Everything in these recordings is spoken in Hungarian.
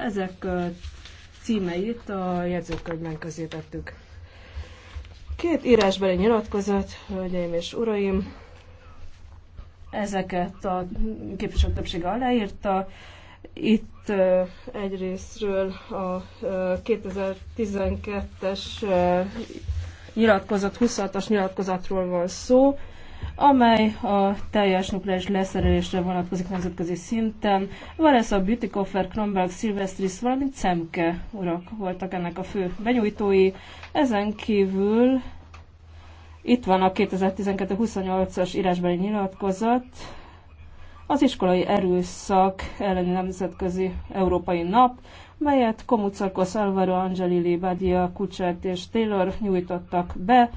Ezek címeit a jegyzőkönyvben közé tettük. Két írásbeli nyilatkozat, hölgyeim és uraim, ezeket a képviselők többsége aláírta. Itt egyrésztről a 2012-es nyilatkozat, 26-as nyilatkozatról van szó, amely a teljes nukleáris leszerelésre vonatkozik nemzetközi szinten. Vanessa Bütikofer, Kronberg, Silvestris, valamint Cemke urak voltak ennek a fő benyújtói. Ezen kívül itt van a 2012-28-as írásbeli nyilatkozat, az iskolai erőszak elleni nemzetközi európai nap, melyet Komucakos Alvaro Angelili Badia Kucsert és Taylor nyújtottak be,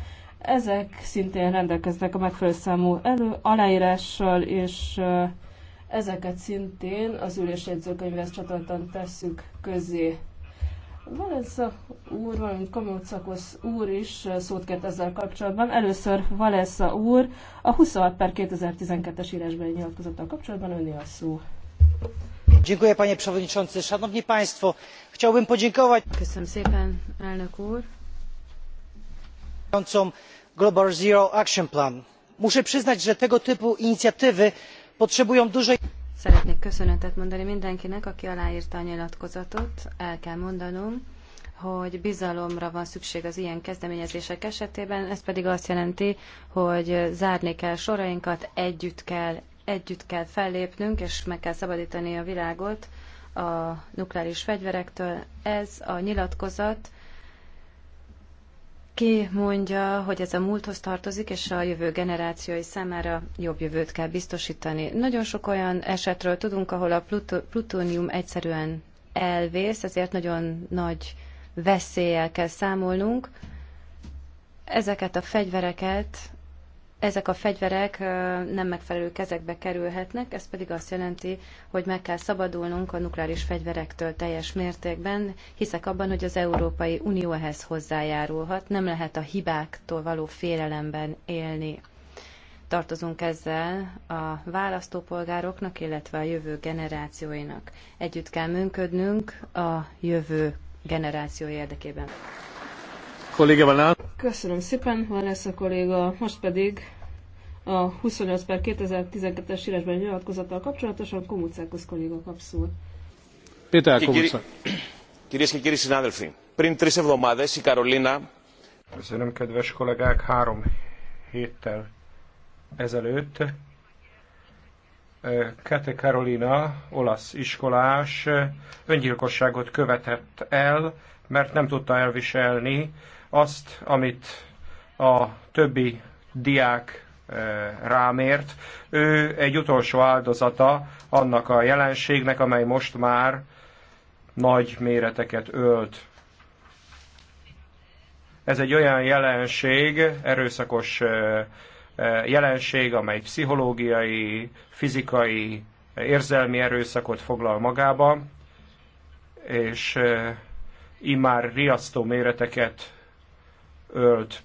ezek szintén rendelkeznek a megfelelő számú elő, aláírással, és ezeket szintén az ülésjegyzőkönyvhez csatoltan tesszük közé. Valenza úr, valamint Kamilcakosz úr is szót kért ezzel kapcsolatban. Először Valenza úr a 26 per 2012-es írásbeli nyilatkozattal kapcsolatban önni a szó. Dziękuję panie przewodniczący. Szanowni państwo, chciałbym podziękować. Köszönöm szépen, elnök úr global zero action plan. muszę przyznać że tego typu inicjatywy potrzebują dużej. szeretnék köszönetet mondani mindenkinek aki alárta a nyilatkozatot. el kell mondanom hogy bizalomra van szükség az ilyen kezdeményezések esetében, ez pedig azt jelenti, hogy zárni kell sorainkat, együtt kell, együtt kell fellépnünk, és meg kell szabadítani a világot a nukleáris fegyverektől. Ez a nyilatkozat ki mondja, hogy ez a múlthoz tartozik, és a jövő generációi számára jobb jövőt kell biztosítani. Nagyon sok olyan esetről tudunk, ahol a plutónium egyszerűen elvész, ezért nagyon nagy veszéllyel kell számolnunk. Ezeket a fegyvereket ezek a fegyverek nem megfelelő kezekbe kerülhetnek, ez pedig azt jelenti, hogy meg kell szabadulnunk a nukleáris fegyverektől teljes mértékben. Hiszek abban, hogy az Európai Unió ehhez hozzájárulhat, nem lehet a hibáktól való félelemben élni. Tartozunk ezzel a választópolgároknak, illetve a jövő generációinak. Együtt kell működnünk a jövő generáció érdekében. Kollégával Köszönöm szépen, a kolléga. Most pedig a 28 per 2012-es írásban nyilatkozattal kapcsolatosan Komucákos kolléga kap szót. Péter Komucák. Κυρίες και κύριοι συνάδελφοι, πριν τρεις εβδομάδες η Köszönöm, kedves kollégák, három héttel ezelőtt Kete Karolina, olasz iskolás, öngyilkosságot követett el, mert nem tudta elviselni azt, amit a többi diák eh, rámért. Ő egy utolsó áldozata annak a jelenségnek, amely most már nagy méreteket ölt. Ez egy olyan jelenség, erőszakos eh, eh, jelenség, amely pszichológiai, fizikai, érzelmi erőszakot foglal magába, és immár riasztó méreteket ölt.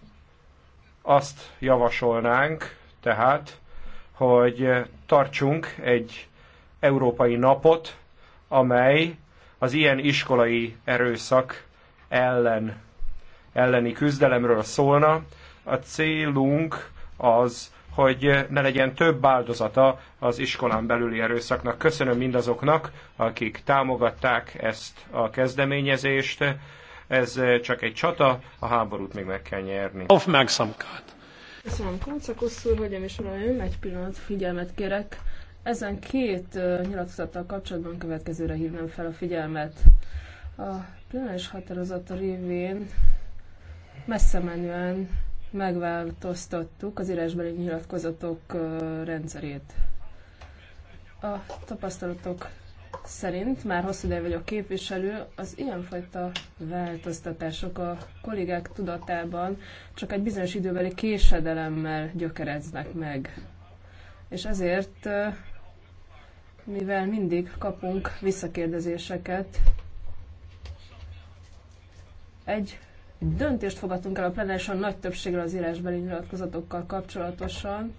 Azt javasolnánk tehát, hogy tartsunk egy európai napot, amely az ilyen iskolai erőszak ellen, elleni küzdelemről szólna. A célunk az, hogy ne legyen több áldozata az iskolán belüli erőszaknak. Köszönöm mindazoknak, akik támogatták ezt a kezdeményezést. Ez eh, csak egy csata, a háborút még meg kell nyerni. Aufmerksamkeit. Köszönöm, Koncakusz úr, én és uraim, egy pillanat figyelmet kérek. Ezen két uh, nyilatkozattal kapcsolatban következőre hívnám fel a figyelmet. A plenáris határozata révén messze menően megváltoztattuk az írásbeli nyilatkozatok eh, rendszerét. A tapasztalatok szerint, már hosszú ideje vagyok képviselő, az ilyenfajta változtatások a kollégák tudatában csak egy bizonyos időbeli késedelemmel gyökereznek meg. És ezért, mivel mindig kapunk visszakérdezéseket, egy döntést fogadtunk el a plenárison nagy többséggel az írásbeli nyilatkozatokkal kapcsolatosan,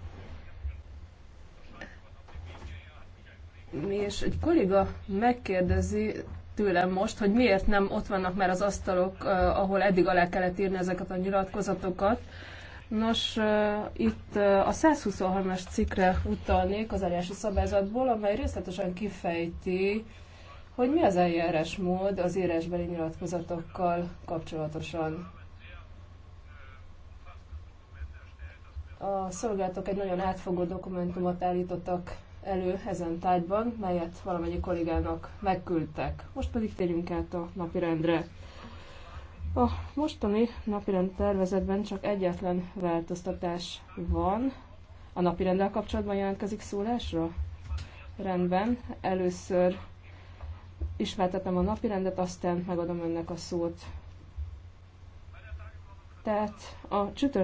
és egy kolléga megkérdezi tőlem most, hogy miért nem ott vannak már az asztalok, ahol eddig alá kellett írni ezeket a nyilatkozatokat. Nos, itt a 123-as cikkre utalnék az eljárási szabályzatból, amely részletesen kifejti, hogy mi az eljárás mód az írásbeli nyilatkozatokkal kapcsolatosan. A szolgálatok egy nagyon átfogó dokumentumot állítottak elő ezen tárgyban, melyet valamennyi kollégának megküldtek. Most pedig térjünk át a napirendre. A mostani napirend tervezetben csak egyetlen változtatás van. A napirenddel kapcsolatban jelentkezik szólásra? Rendben, először ismertetem a napirendet, aztán megadom önnek a szót. Tehát a csütörtök